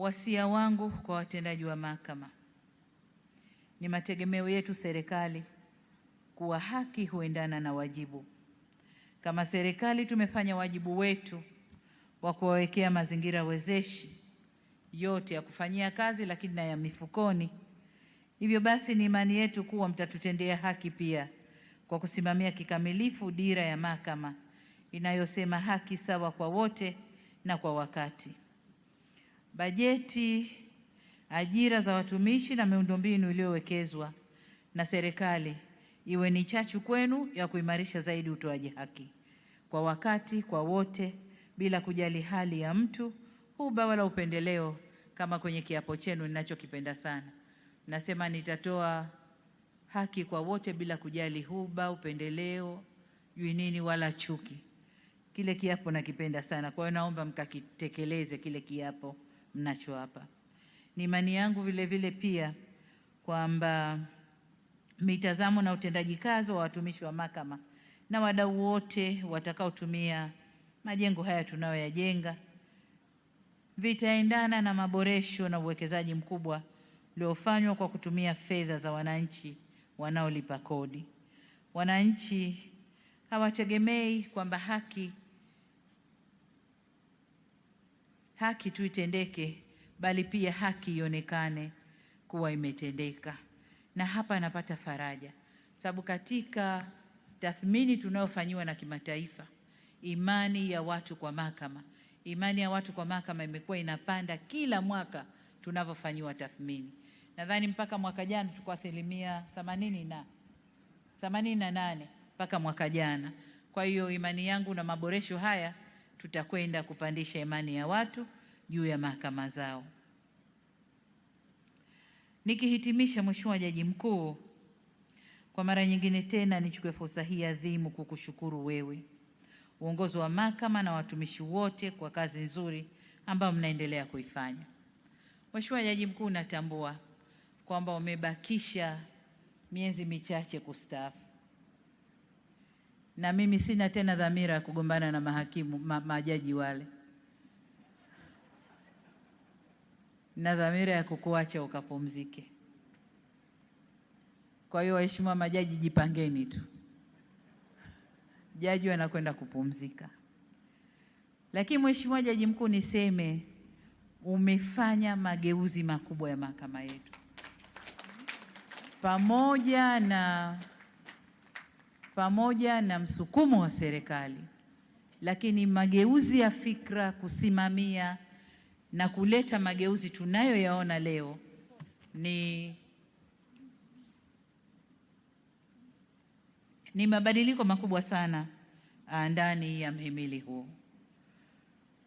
Wasia wangu kwa watendaji wa mahakama, ni mategemeo yetu serikali kuwa haki huendana na wajibu. Kama serikali tumefanya wajibu wetu wa kuwawekea mazingira wezeshi yote ya kufanyia kazi, lakini na ya mifukoni. Hivyo basi, ni imani yetu kuwa mtatutendea haki pia kwa kusimamia kikamilifu dira ya mahakama inayosema haki sawa kwa wote na kwa wakati bajeti, ajira za watumishi na miundombinu iliyowekezwa na serikali iwe ni chachu kwenu ya kuimarisha zaidi utoaji haki kwa wakati kwa wote bila kujali hali ya mtu, huba wala upendeleo, kama kwenye kiapo chenu ninachokipenda sana. Nasema nitatoa haki kwa wote bila kujali huba, upendeleo, jui nini wala chuki. Kile kiapo nakipenda sana, kwa hiyo naomba mkakitekeleze kile kiapo mnachoapa. Ni imani yangu vile vile pia kwamba mitazamo na utendaji kazi wa watumishi wa mahakama na wadau wote watakaotumia majengo haya tunayoyajenga vitaendana na maboresho na uwekezaji mkubwa uliofanywa kwa kutumia fedha za wananchi wanaolipa kodi. Wananchi hawategemei kwamba haki haki tu itendeke, bali pia haki ionekane kuwa imetendeka. Na hapa napata faraja, sababu katika tathmini tunayofanyiwa na kimataifa, imani ya watu kwa mahakama, imani ya watu kwa mahakama imekuwa inapanda kila mwaka tunavyofanyiwa tathmini. Nadhani mpaka mwaka jana tulikuwa asilimia themanini na themanini na nane mpaka mwaka jana. Kwa hiyo imani yangu na maboresho haya tutakwenda kupandisha imani ya watu juu ya mahakama zao. Nikihitimisha, Mheshimiwa Jaji Mkuu, kwa mara nyingine tena nichukue fursa hii adhimu kukushukuru wewe, uongozi wa mahakama na watumishi wote kwa kazi nzuri ambayo mnaendelea kuifanya. Mheshimiwa Jaji Mkuu, natambua kwamba umebakisha miezi michache kustaafu na mimi sina tena dhamira ya kugombana na mahakimu ma, majaji wale, na dhamira ya kukuacha ukapumzike. Kwa hiyo waheshimiwa majaji, jipangeni tu, jaji anakwenda kupumzika. Lakini Mheshimiwa Jaji Mkuu, niseme umefanya mageuzi makubwa ya mahakama yetu pamoja na pamoja na msukumo wa serikali, lakini mageuzi ya fikra, kusimamia na kuleta mageuzi tunayoyaona leo ni ni mabadiliko makubwa sana ah, ndani ya mhimili huu.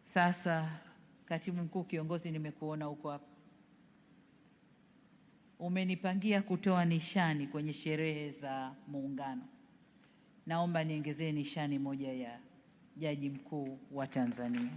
Sasa katibu mkuu kiongozi, nimekuona huko hapa, umenipangia kutoa nishani kwenye sherehe za Muungano naomba niongezee nishani moja ya Jaji Mkuu wa Tanzania.